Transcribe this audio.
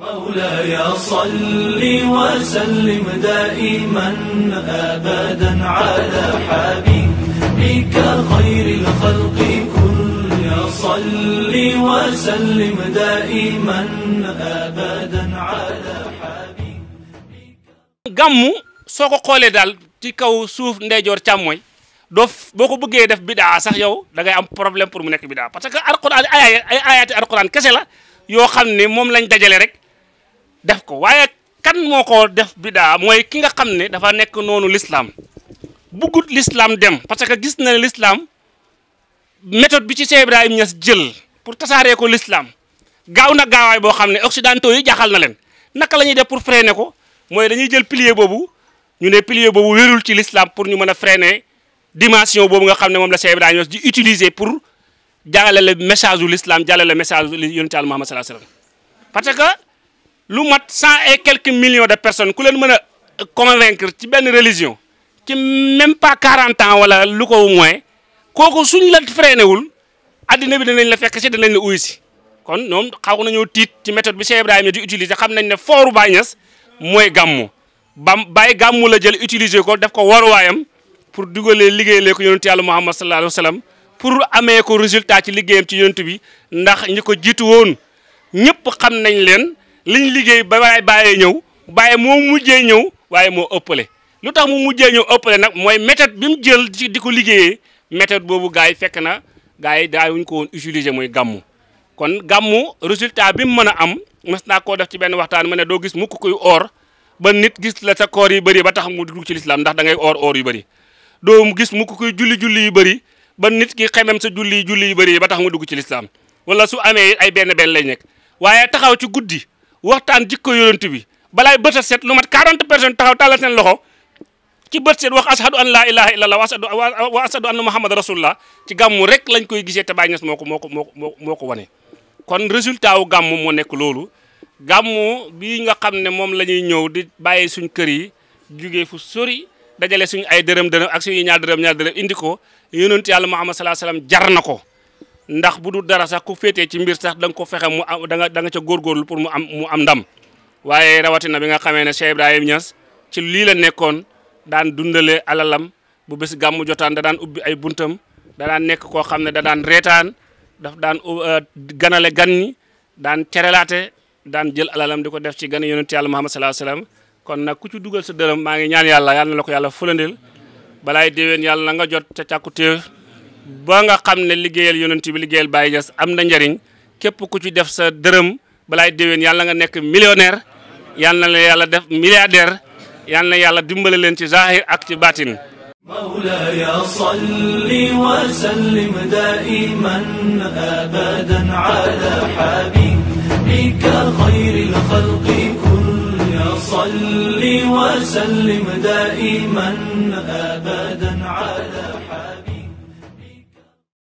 مولاي صل وسلم دائما ابدا على حبيبك خير الخلق كل صل وسلم دائما ابدا على حبيبك gammu soko xolé dal ci kaw suuf ndéjor chamoy do boko bëggé def bid'a sax yow da ngay am problème pour mu nek bid'a parce que alquran ay ayati alquran kessé la yo xamné mom lañ dajalé rek def ko waaye kan moo ko def bidaa mooy ki nga xam ne dafa nekk noonu lislaam buggut lislaam dem parce que gis na ne lislaam méthode bi ci Cheikh Ibrahim Niass jël pour tasaaree ko lislaam gaaw na gaawaay boo xam ne occidentaux yi jaaxal na leen naka la ñuy def pour freiner ko mooy dañuy jël pilier boobu ñu ne pilier boobu wérul ci lislaam pour ñu mën a fraine dimension boobu nga xam ne moom la Cheikh Ibrahim Niass di utiliser pour jàllale message u lislaam jàllale message yonent Yàlla Muhammad sallallahu alayhi wasallam parce lu mat 100 et quelques millions de personnes ku leen mën convaincre ci ben religion ci même pas 40 ans wala lu ko moins kooku suñ la freiné wul addina bi danañ la fekk ci danañ la uyu kon ñom xaw nañu tit ci méthode bi Cheikh ibrahim di utiliser xam nañ ne foru Baay moy gamu gàmmu bam bàyyi gàmmu la jël utiliser ko def ko war wayam pour dugalee liggéeyalee ko yonentu yàlla Muhammad sallallahu alayhi wasallam pour amé ko résultat ci liggéeyam ci yonent bi ndax ñiko jitu won ñepp xam nañ leen liñ liggéey ba waaye bàyyee ñëw bàyyee moo mujjee ñëw waaye moo ëppale lu tax mu mujjee ñëw ëppale nag mooy méthode bi mu jël di ko liggéeyee méthode boobu gars yi fekk na gars yi wuñ ko woon utiliser mooy gàmmu kon gàmmu résultat bi mu mën a am mas naa koo def ci benn waxtaan ma ne doo gis mukk kuy oor ba nit gis la sa koor yi bari ba tax mu dugg ci lislaam ndax da ngay or or yu bëri doo gis mukk kuy julli-julli yu bëri ba nit ki xemem sa julli julli yu bëri ba tax mu dugg ci lislaam wala su amee ay benn benn lay nekk waaye taxaw ci guddi waxtaan jikko yonent bi balaay bët a set lu mat 40 personnes taxaw tàllal seen loxo ci bët set wax ashadu an laa ilaha illallah wa ashadu anna muhammad rasulullah ci gàmmu rek lañ koy gisee te Baay Ñas moo ko moo ko moo moo ko wane kon résultat wu gàmmu moo nekk loolu gàmmu bii nga xam ne moom la ñuy ñëw di bàyyi suñ kër yi jugee fu sori dajale suñu ay dërëm dërëm ak suñu ñaa dërëm ñaar dërëm indi ko yonent yàlla Muhammad sallallahu alayhi wasallam jar na ko ndax bu dul dara sax ku fété ci mbir sax dang ko fexé mu da nga da nga gor góorgóorlu pour mu am mu am ndam rawati na bi nga xamé né Cheikh Ibrahim Niass ci li la daan dundalé alalam bu bés gamu jotan da daan ubbi ay buntam da daan nekk ko xamné da daan rétan daf daan uh, ganale ganni daan terelaate daan jël alalam diko def ci gan yonent yàlla Muhammad sallallahu alayhi wasallam kon nak ku ci dugal sa deureum ma ngi ñaan yalla yalla nako yalla fulandil nga jot ca càkkutéef ba nga xam ne liggéeyal yonent bi liggéeyal am na njariñ képp ku ci def sa dërëm balaay déwén yàlla nga nekk millionnaire yàlla na la yàlla def milliardaire yàlla na yàlla dimbale leen ci zahir ak ci baatin مولاي صل وسلم دائما ابدا على حبيبك خير الخلق كل صل وسلم دائما ابدا على